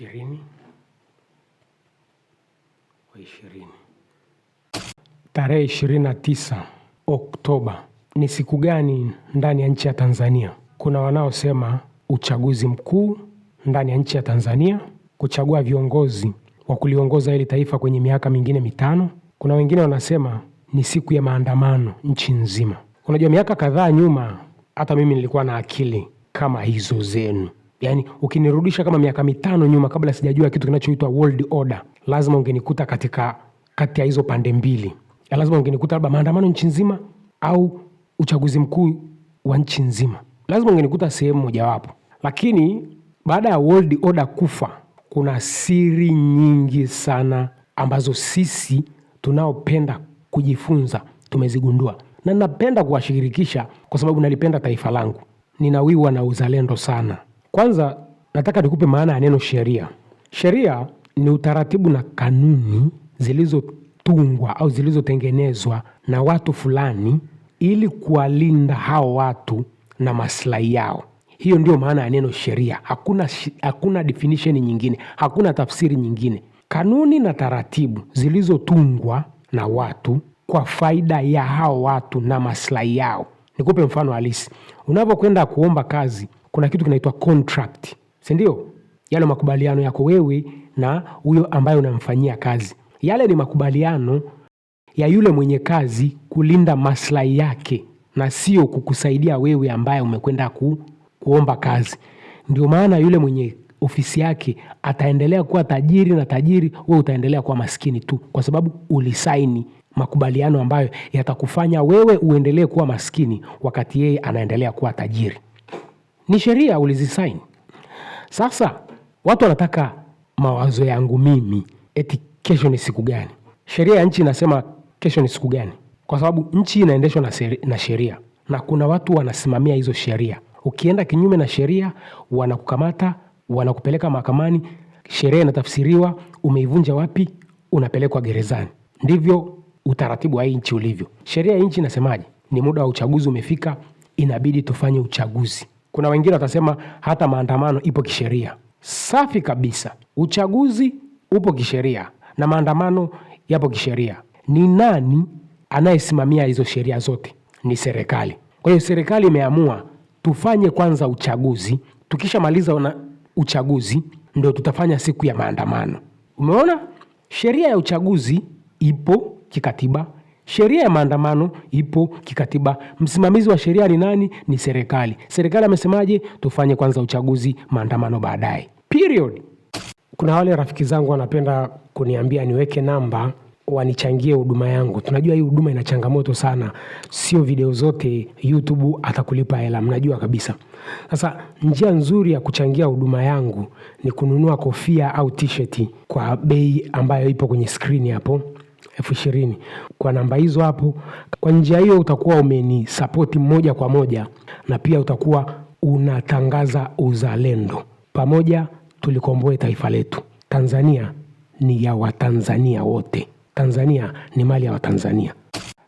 ishirini wa ishirini. Tarehe ishirini na tisa Oktoba ni siku gani ndani ya nchi ya Tanzania? Kuna wanaosema uchaguzi mkuu ndani ya nchi ya Tanzania, kuchagua viongozi wa kuliongoza hili taifa kwenye miaka mingine mitano. Kuna wengine wanasema ni siku ya maandamano nchi nzima. Unajua, miaka kadhaa nyuma hata mimi nilikuwa na akili kama hizo zenu. Yaani ukinirudisha kama miaka mitano nyuma kabla sijajua kitu kinachoitwa world order, lazima ungenikuta katika kati ya hizo pande mbili. Ya lazima ungenikuta labda maandamano nchi nzima au uchaguzi mkuu wa nchi nzima. Lazima ungenikuta sehemu mojawapo. Lakini baada ya world order kufa, kuna siri nyingi sana ambazo sisi tunaopenda kujifunza tumezigundua, na ninapenda kuwashirikisha kwa sababu nalipenda taifa langu, ninawiwa na uzalendo sana. Kwanza nataka nikupe maana ya neno sheria. Sheria ni utaratibu na kanuni zilizotungwa au zilizotengenezwa na watu fulani ili kuwalinda hao watu na maslahi yao. Hiyo ndio maana ya neno sheria. Hakuna, hakuna definition nyingine, hakuna tafsiri nyingine. Kanuni na taratibu zilizotungwa na watu kwa faida ya hao watu na maslahi yao. Nikupe mfano halisi, unapokwenda kuomba kazi kuna kitu kinaitwa contract, sindio Yale makubaliano yako wewe na huyo ambaye unamfanyia kazi, yale ni makubaliano ya yule mwenye kazi kulinda maslahi yake na sio kukusaidia wewe ambaye umekwenda ku, kuomba kazi. Ndio maana yule mwenye ofisi yake ataendelea kuwa tajiri na tajiri, we utaendelea kuwa maskini tu, kwa sababu ulisaini makubaliano ambayo yatakufanya wewe uendelee kuwa maskini wakati yeye anaendelea kuwa tajiri ni sheria ulizisaini. Sasa watu wanataka mawazo yangu mimi, eti kesho ni siku gani? Sheria ya nchi inasema kesho ni siku gani? Kwa sababu nchi inaendeshwa na sheria na kuna watu wanasimamia hizo sheria. Ukienda kinyume na sheria, wanakukamata, wanakupeleka mahakamani, sheria inatafsiriwa, umeivunja wapi, unapelekwa gerezani. Ndivyo utaratibu wa hii nchi ulivyo. Sheria ya nchi inasemaje? Ni muda wa uchaguzi umefika, inabidi tufanye uchaguzi. Kuna wengine watasema hata maandamano ipo kisheria. Safi kabisa, uchaguzi upo kisheria na maandamano yapo kisheria. Ni nani anayesimamia hizo sheria zote? Ni serikali. Kwa hiyo serikali imeamua tufanye kwanza uchaguzi, tukishamaliza na uchaguzi ndo tutafanya siku ya maandamano. Umeona, sheria ya uchaguzi ipo kikatiba Sheria ya maandamano ipo kikatiba. Msimamizi wa sheria ni nani? Ni serikali. Serikali amesemaje? Tufanye kwanza uchaguzi, maandamano baadaye. Period. Kuna wale rafiki zangu wanapenda kuniambia niweke namba wanichangie huduma yangu. Tunajua hii huduma ina changamoto sana, sio video zote YouTube atakulipa hela, mnajua kabisa. Sasa njia nzuri ya kuchangia huduma yangu ni kununua kofia au t-shirt kwa bei ambayo ipo kwenye skrini hapo elfu ishirini kwa namba hizo hapo. Kwa njia hiyo utakuwa umenisapoti moja kwa moja, na pia utakuwa unatangaza uzalendo. Pamoja tulikomboe taifa letu. Tanzania ni ya Watanzania wote. Tanzania ni mali ya Watanzania.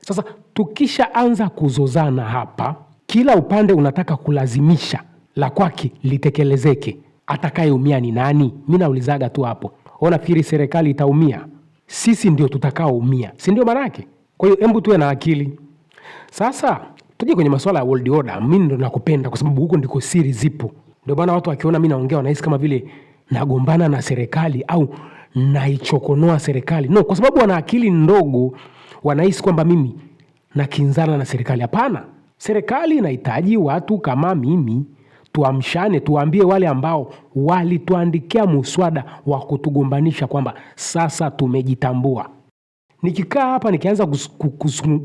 Sasa tukishaanza kuzozana hapa, kila upande unataka kulazimisha la kwake litekelezeke, atakayeumia ni nani? Mi naulizaga tu hapo. fikiri serikali itaumia sisi ndio tutakaoumia, si ndio maana yake? Kwa hiyo hebu tuwe na akili sasa. Tuje kwenye masuala ya world order. Mimi ndo nakupenda kwa sababu huko ndiko siri zipo. Ndio maana watu wakiona mimi naongea wanahisi kama vile nagombana na serikali au naichokonoa serikali. No, kwa sababu wana akili ndogo wanahisi kwamba mimi nakinzana na serikali. Hapana, serikali inahitaji watu kama mimi tuamshane, tuambie wale ambao walituandikia muswada wa kutugombanisha kwamba sasa tumejitambua. Nikikaa hapa nikianza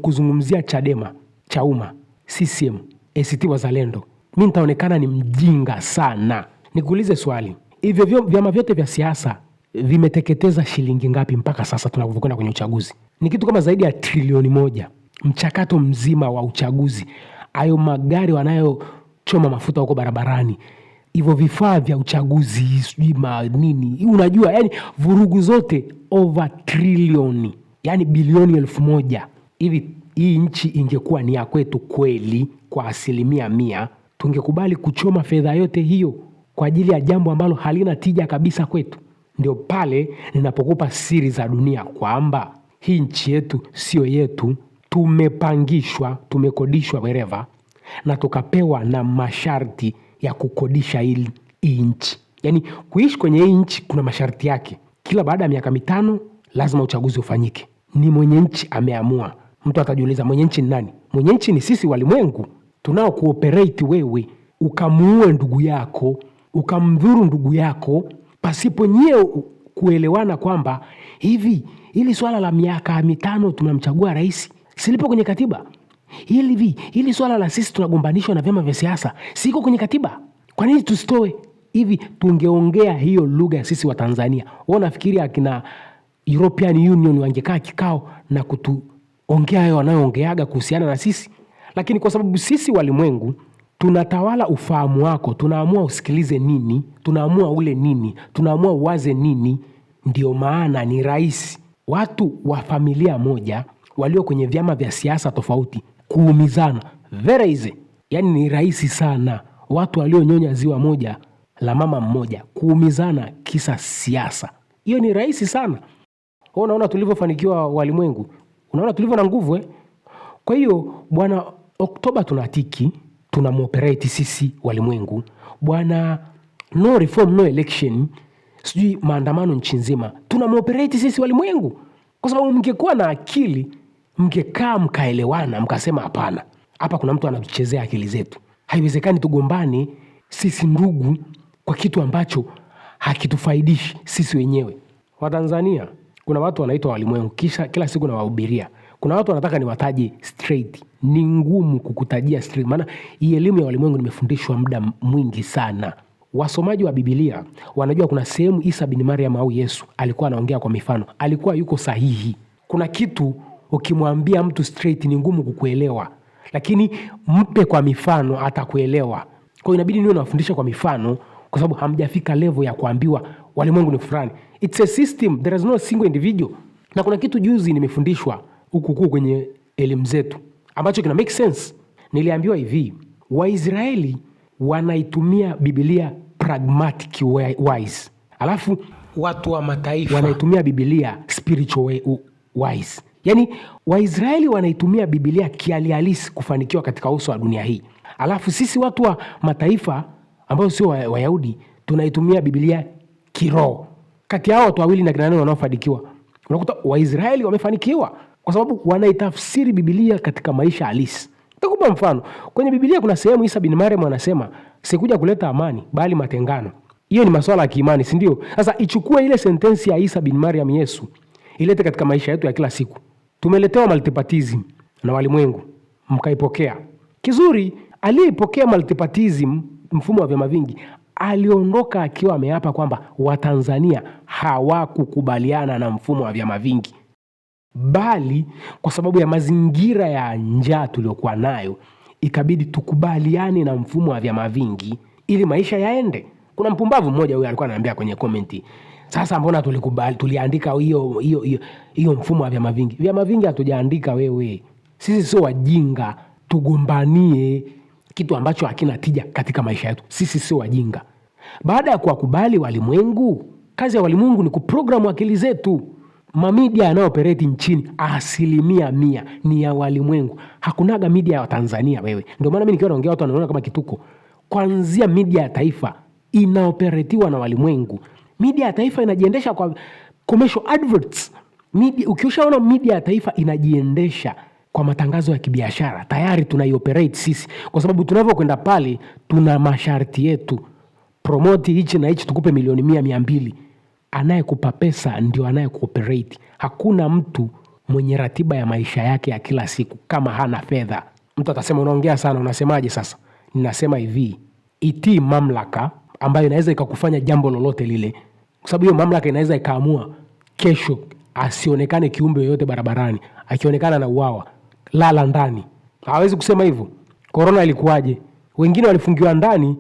kuzungumzia Chadema, Chauma, CCM, ACT Wazalendo, mi nitaonekana ni mjinga sana. Nikuulize swali, hivyo vyama vyote vya siasa vimeteketeza shilingi ngapi mpaka sasa tunavyokwenda kwenye uchaguzi? Ni kitu kama zaidi ya trilioni moja. Mchakato mzima wa uchaguzi, ayo magari wanayo choma mafuta huko barabarani, hivyo vifaa vya uchaguzi sijui manini, unajua yani vurugu zote over trilioni, yani bilioni elfu moja hivi. Hii nchi ingekuwa ni ya kwetu kweli kwa asilimia mia, tungekubali kuchoma fedha yote hiyo kwa ajili ya jambo ambalo halina tija kabisa kwetu? Ndio pale ninapokupa siri za dunia kwamba hii nchi yetu sio yetu, tumepangishwa, tumekodishwa wereva na tukapewa na masharti ya kukodisha hii nchi. Yaani kuishi kwenye hii nchi kuna masharti yake. Kila baada ya miaka mitano lazima uchaguzi ufanyike. Ni mwenye nchi ameamua. Mtu atajiuliza mwenye nchi ni nani? Mwenye nchi ni sisi walimwengu tunao kuopereti wewe, ukamuue ndugu yako, ukamdhuru ndugu yako pasipo nyie kuelewana kwamba hivi hili swala la miaka mitano tunamchagua rahisi silipo kwenye katiba. Hili, vi hili swala la sisi tunagombanishwa na vyama vya siasa siko kwenye katiba. Kwa nini tusitoe hivi? Tungeongea hiyo lugha ya sisi Watanzania. Wao nafikiria akina European Union wangekaa kikao na kutuongea hayo wanayoongeaga kuhusiana na sisi, lakini kwa sababu sisi walimwengu tunatawala ufahamu wako, tunaamua usikilize nini, tunaamua ule nini, tunaamua uwaze nini. Ndio maana ni rahisi watu wa familia moja walio kwenye vyama vya siasa tofauti kuumizana. Very easy. Yani ni rahisi sana watu walionyonya ziwa moja la mama mmoja kuumizana kisa siasa. Hiyo ni rahisi sana. Unaona tulivyofanikiwa walimwengu, unaona tulivyo na nguvu eh? Kwa hiyo bwana Oktoba tunatiki, tunamoperate sisi walimwengu, bwana no reform no election, sijui maandamano nchi nzima, tunamoperate sisi walimwengu, kwa sababu mngekuwa na akili mkekaa mkaelewana, mkasema hapana, hapa kuna mtu anatuchezea akili zetu, haiwezekani tugombane sisi ndugu kwa kitu ambacho hakitufaidishi sisi wenyewe. Watanzania kuna watu wanaitwa walimwengu, kisha kila siku nawahubiria. Kuna watu wanataka niwataje straight, ni ngumu kukutajia maana hii elimu ya walimwengu nimefundishwa muda mwingi sana. Wasomaji wa Bibilia wanajua kuna sehemu Isa bin Mariam au Yesu alikuwa anaongea kwa mifano, alikuwa yuko sahihi. Kuna kitu Ukimwambia mtu straight ni ngumu kukuelewa, lakini mpe kwa mifano atakuelewa. Kwa inabidi niwe nawafundisha kwa mifano, kwa sababu hamjafika level ya kuambiwa walimwengu ni fulani. It's a system, there is no single individual. Na kuna kitu juzi nimefundishwa huku kuu kwenye elimu zetu ambacho kina make sense. Niliambiwa hivi, Waisraeli wanaitumia Biblia pragmatic wise, alafu watu wa mataifa wanaitumia Biblia spiritual wise. Yaani Waisraeli wanaitumia Biblia kialihalisi kufanikiwa katika uso wa dunia hii, alafu sisi watu wa mataifa ambao sio Wayahudi tunaitumia Biblia kiroho. Kati yao watu wawili na kina nani wanaofanikiwa? Unakuta Waisraeli wamefanikiwa kwa sababu wanaitafsiri Biblia katika maisha halisi. Nitakupa mfano kwenye Biblia, kuna sehemu Isa bin Mariam anasema sikuja kuleta amani bali matengano. Hiyo ni masuala ya kiimani, si ndio? Sasa ichukue ile sentensi ya Isa bin Mariam Yesu ilete katika maisha yetu ya kila siku. Tumeletewa multipartism na walimwengu, mkaipokea kizuri. Aliyeipokea multipartism mfumo wa vyama vingi, aliondoka akiwa ameapa kwamba Watanzania hawakukubaliana na mfumo wa vyama vingi, bali kwa sababu ya mazingira ya njaa tuliyokuwa nayo ikabidi tukubaliane na mfumo wa vyama vingi ili maisha yaende. Kuna mpumbavu mmoja huyo alikuwa anaambia kwenye komenti sasa mbona tulikubali, tuliandika hiyo hiyo hiyo mfumo wa vyama vingi? Vyama vingi hatujaandika wewe, sisi sio wajinga tugombanie kitu ambacho hakina tija katika maisha yetu. Sisi sio wajinga. Baada ya kuwakubali walimwengu, kazi ya walimwengu ni kuprogramu akili zetu. Mamidia yanayoopereti nchini asilimia mia ni ya walimwengu, hakunaga midia ya Watanzania wewe. Ndio maana mi nikiwa naongea watu wanaona kama kituko. Kwanzia midia ya taifa inaoperetiwa na walimwengu. Media ya taifa inajiendesha kwa commercial adverts. Media, ukishaona media ya taifa inajiendesha kwa matangazo ya kibiashara tayari tunaioperate sisi, kwa sababu tunavyokwenda pale tuna masharti yetu, promoti hichi na hichi, tukupe milioni mia mia mbili. Anayekupa pesa ndio anayekuoperate. Hakuna mtu mwenye ratiba ya maisha yake ya kila siku kama hana fedha. Mtu atasema unaongea sana, unasemaje? Sasa ninasema hivi, itii mamlaka ambayo inaweza ikakufanya jambo lolote lile kwa sababu hiyo mamlaka inaweza ikaamua kesho asionekane kiumbe yoyote barabarani, akionekana na uwawa lala ndani. Hawezi kusema hivyo. Korona ilikuwaje? Wengine walifungiwa ndani,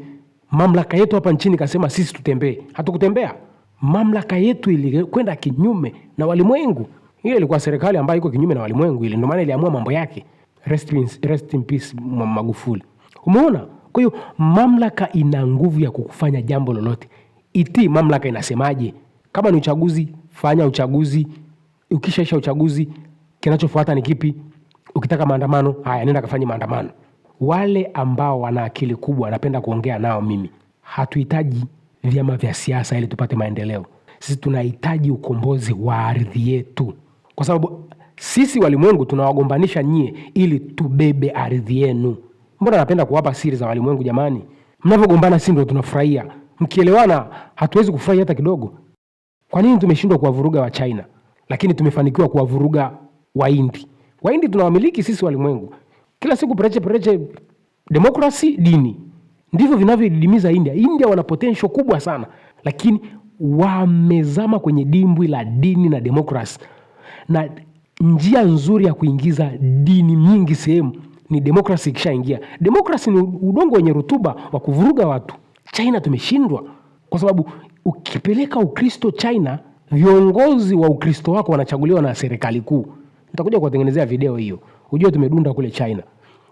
mamlaka yetu hapa nchini ikasema sisi tutembee, hatukutembea. Mamlaka yetu ilikwenda kinyume na walimwengu. Hiyo ilikuwa serikali ambayo iko kinyume na walimwengu, ile maana iliamua mambo yake. Rest in, rest in peace Magufuli. Umeona? Kwa hiyo mamlaka ina nguvu ya kukufanya jambo lolote. IT mamlaka inasemaje. Kama ni uchaguzi, fanya uchaguzi. Ukishaisha uchaguzi, kinachofuata ni kipi? Ukitaka maandamano, haya, nenda kafanye maandamano. Wale ambao wana akili kubwa, napenda kuongea nao mimi. Hatuhitaji vyama vya siasa ili tupate maendeleo. Sisi tunahitaji ukombozi wa ardhi yetu, kwa sababu sisi walimwengu tunawagombanisha nyie ili tubebe ardhi yenu. Mbona napenda kuwapa siri za walimwengu jamani? Mnavyogombana, sisi ndo tunafurahia. Mkielewana hatuwezi kufurahi hata kidogo. Kwa nini tumeshindwa kuwavuruga wa China lakini tumefanikiwa kuwavuruga Wahindi? Wahindi tunawamiliki sisi walimwengu, kila siku pereche pereche, demokrasi, dini, ndivyo vinavyoididimiza India. India wana potential kubwa sana, lakini wamezama kwenye dimbwi la dini na demokrasi, na njia nzuri ya kuingiza dini nyingi sehemu ni demokrasi. Ikishaingia demokrasi, ni udongo wenye rutuba wa kuvuruga watu. China tumeshindwa kwa sababu ukipeleka Ukristo China, viongozi wa Ukristo wako wanachaguliwa na serikali kuu. Nitakuja kuwatengenezea video hiyo hujue tumedunda kule China.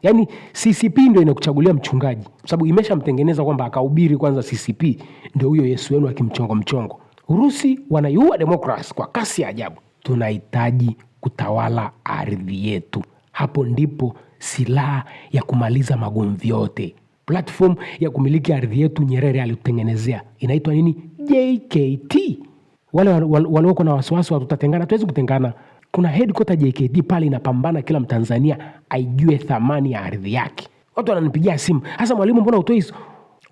Yaani CCP ndio inakuchagulia mchungaji, kwa sababu imeshamtengeneza kwamba akahubiri kwanza CCP, ndio huyo Yesu wenu akimchongo mchongo. Urusi wanaiua demokrasi kwa kasi ya ajabu. Tunahitaji kutawala ardhi yetu, hapo ndipo silaha ya kumaliza magomvi yote platform ya kumiliki ardhi yetu Nyerere alitutengenezea, inaitwa nini? JKT. Wale walioko na wasiwasi tutatengana, tuwezi kutengana. Kuna headquarter JKT pale inapambana, kila Mtanzania aijue thamani ya ardhi yake. Watu wananipigia simu hasa, mwalimu, mbona utoe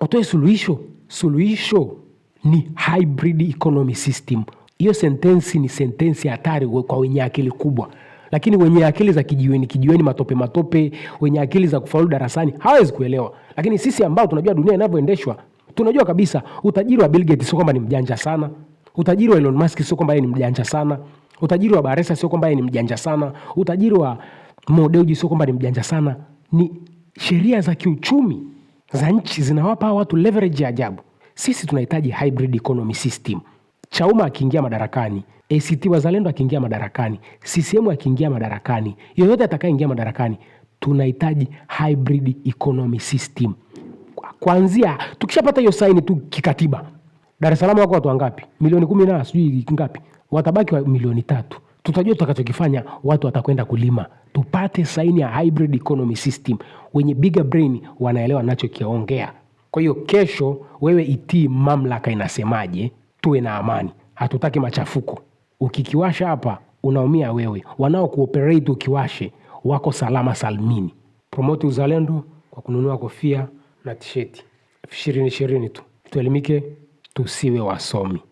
utoe suluhisho? Suluhisho ni hybrid economy system. Hiyo sentensi ni sentensi hatari kwa wenye akili kubwa lakini wenye akili za kijiweni kijiweni, matope matope, wenye akili za kufaulu darasani hawezi kuelewa. Lakini sisi ambao tunajua dunia inavyoendeshwa, tunajua kabisa utajiri wa Bill Gates sio kwamba ni mjanja sana, utajiri wa Elon Musk sio kwamba ni mjanja sana, utajiri wa Baresa sio kwamba ni mjanja sana, utajiri wa Modeuji sio kwamba ni mjanja sana. Ni sheria za kiuchumi za nchi zinawapa watu leverage ya ajabu. Sisi tunahitaji hybrid economy system. Chauma akiingia madarakani ACT eh, Wazalendo akiingia madarakani, CCM akiingia madarakani, yoyote atakayeingia madarakani, tunahitaji hybrid economy system. Kwanzia tukishapata hiyo saini tu kikatiba, Dar es Salaam wako watu wangapi? Milioni kumi na sijui ngapi, watabaki wa milioni tatu. Tutajua tutakachokifanya, watu watakwenda kulima, tupate saini ya hybrid economy system. Wenye bigger brain wanaelewa nachokiongea. Kwa hiyo kesho, wewe itii mamlaka inasemaje, tuwe na amani, hatutaki machafuko ukikiwasha hapa unaumia wewe, wanaokuoperate ukiwashe wako salama salmini. Promote uzalendo kwa kununua kofia na tisheti ishirini ishirini tu. Tuelimike, tusiwe wasomi.